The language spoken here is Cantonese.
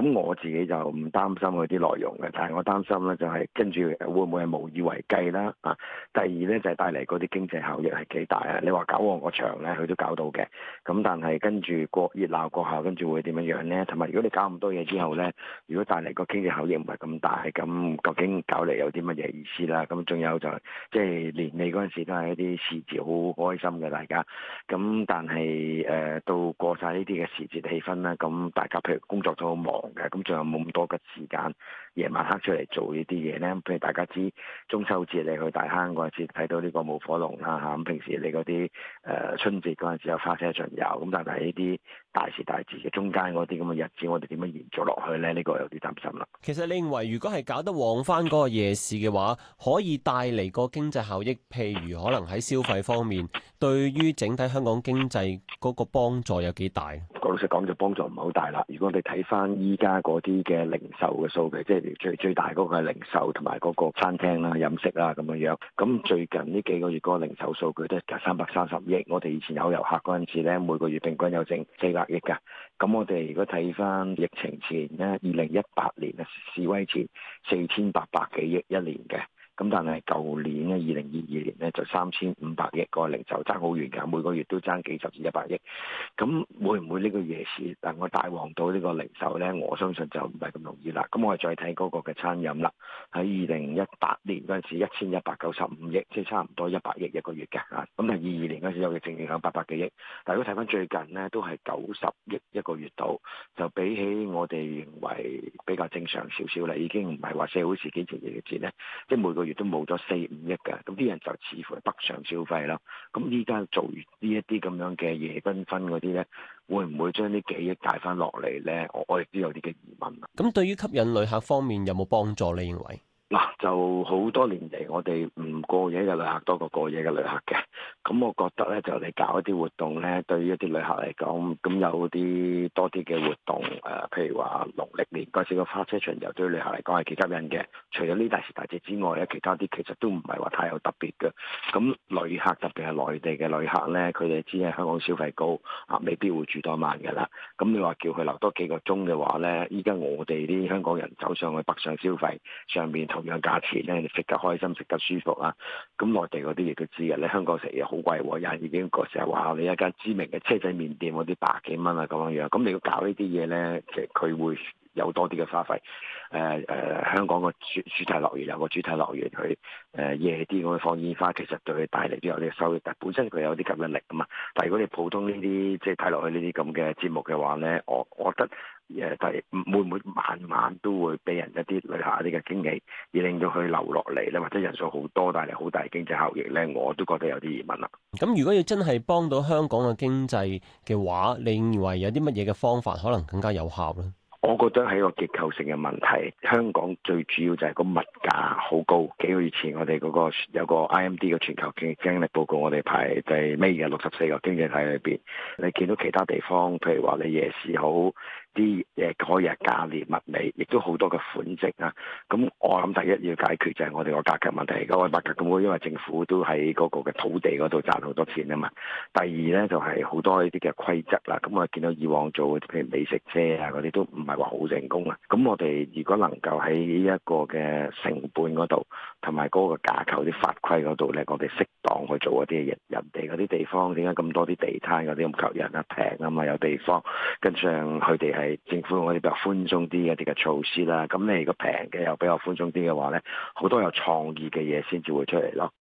咁我自己就唔擔心佢啲內容嘅，但係我擔心咧就係跟住會唔會係無以為繼啦啊！第二咧就係、是、帶嚟嗰啲經濟效益係幾大啊？你話搞旺個場咧，佢都搞到嘅。咁但係跟住過熱鬧過後跟，跟住會點樣樣咧？同埋如果你搞咁多嘢之後咧，如果帶嚟個經濟效益唔係咁大，咁究竟搞嚟有啲乜嘢意思啦？咁仲有就係即係年尾嗰陣時都係一啲時節好開心嘅大家。咁但係誒到過晒呢啲嘅時節氣氛啦，咁大家譬如工作都好忙。咁，仲有冇咁多嘅時間？夜晚黑出嚟做呢啲嘢咧，譬如大家知中秋節你去大坑嗰陣時睇到呢個舞火龍啦嚇，咁平時你嗰啲誒春節嗰陣時有花車巡遊，咁但係呢啲大時大節嘅中間嗰啲咁嘅日子，我哋點樣延續落去咧？呢個有啲擔心啦。其實你認為，如果係搞得旺翻嗰個夜市嘅話，可以帶嚟個經濟效益，譬如可能喺消費方面，對於整體香港經濟嗰個幫助有幾大？個老實講就幫助唔係好大啦。如果你睇翻依家嗰啲嘅零售嘅數據，即係最最大嗰個零售同埋嗰個餐廳啦、飲食啦咁樣樣。咁最近呢幾個月嗰個零售數據都係三百三十億。我哋以前有遊客嗰陣時咧，每個月平均有剩四百億㗎。咁我哋如果睇翻疫情前咧，二零一八年啊，示威前四千八百幾億一年嘅。咁但係舊年咧，二零二二年咧就三千五百億，個零售爭好遠㗎，每個月都爭幾十至一百億。咁會唔會呢個夜市，但我帶旺到呢個零售咧，我相信就唔係咁容易啦。咁我哋再睇嗰個嘅餐飲啦。喺二零一八年嗰陣時一千一百九十五億，即係差唔多一百億一個月嘅嚇。咁零二二年嗰陣時有嘅正營量八百幾億，但係如果睇翻最近咧，都係九十億一個月度，就比起我哋認為比較正常少少啦，已經唔係話社會事件前嘅節咧，即係每個月。都冇咗四五億嘅，咁啲人就似乎係北上消費啦。咁依家做完呢一啲咁樣嘅夜繽紛嗰啲咧，會唔會將呢幾億帶翻落嚟咧？我我亦都有啲嘅疑問啦。咁對於吸引旅客方面有冇幫助咧？認為嗱，就好多年嚟，我哋唔過夜嘅旅客多過過夜嘅旅客嘅。咁我覺得咧，就你搞一啲活動咧，對於一啲旅客嚟講，咁有啲多啲嘅活動，誒、啊，譬如話農曆年嗰時個花車巡遊，對於旅客嚟講係幾吸引嘅。除咗呢大時大節之外咧，其他啲其實都唔係話太有特別嘅。咁旅客特別係內地嘅旅客咧，佢哋知係香港消費高，啊，未必會住多晚㗎啦。咁你話叫佢留多幾個鐘嘅話咧，依家我哋啲香港人走上去北上消費，上面同樣價錢咧，食得開心、食得舒服啊。咁內地嗰啲亦都知嘅，你香港好貴喎、哦，廿二幾個成日話，你一間知名嘅車仔麵店嗰啲百幾蚊啊咁樣樣，咁你要搞呢啲嘢咧，其實佢會。有多啲嘅花費，誒誒，香港個主主題樂園有個主題樂園去誒夜啲咁放煙花，其實對佢帶嚟都有啲收益，但係本身佢有啲吸引力啊嘛。但係如果你普通呢啲即係睇落去呢啲咁嘅節目嘅話咧，我我覺得誒，但係會唔會晚晚都會俾人一啲旅客一啲嘅驚喜，而令到佢留落嚟咧，或者人數好多，帶嚟好大經濟效益咧，我都覺得有啲疑問啦。咁如果要真係幫到香港嘅經濟嘅話，你認為有啲乜嘢嘅方法可能更加有效咧？我覺得係一個結構性嘅問題，香港最主要就係個物價好高。幾個月前我哋嗰、嗰個有個 IMD 嘅全球經經濟報告，我哋排第尾嘅六十四個經濟體裏邊，你見到其他地方，譬如話你夜市好。啲誒可以係價廉物美，亦都好多嘅款式啊！咁我諗第一要解決就係我哋個價格問題，因為政府都喺嗰個嘅土地嗰度賺好多錢啊嘛。第二呢，就係、是、好多呢啲嘅規則啦，咁我見到以往做譬如美食車啊嗰啲都唔係話好成功啊。咁我哋如果能夠喺呢一個嘅成本嗰度，同埋嗰個架構啲法規嗰度咧，我哋適當去做嗰啲嘢。人哋嗰啲地方點解咁多啲地攤嗰啲咁吸引啊？平啊嘛，有地方跟上，佢哋係政府嗰啲比較寬鬆啲一啲嘅措施啦。咁你如果平嘅又比較寬鬆啲嘅話咧，好多有創意嘅嘢先至會出嚟咯。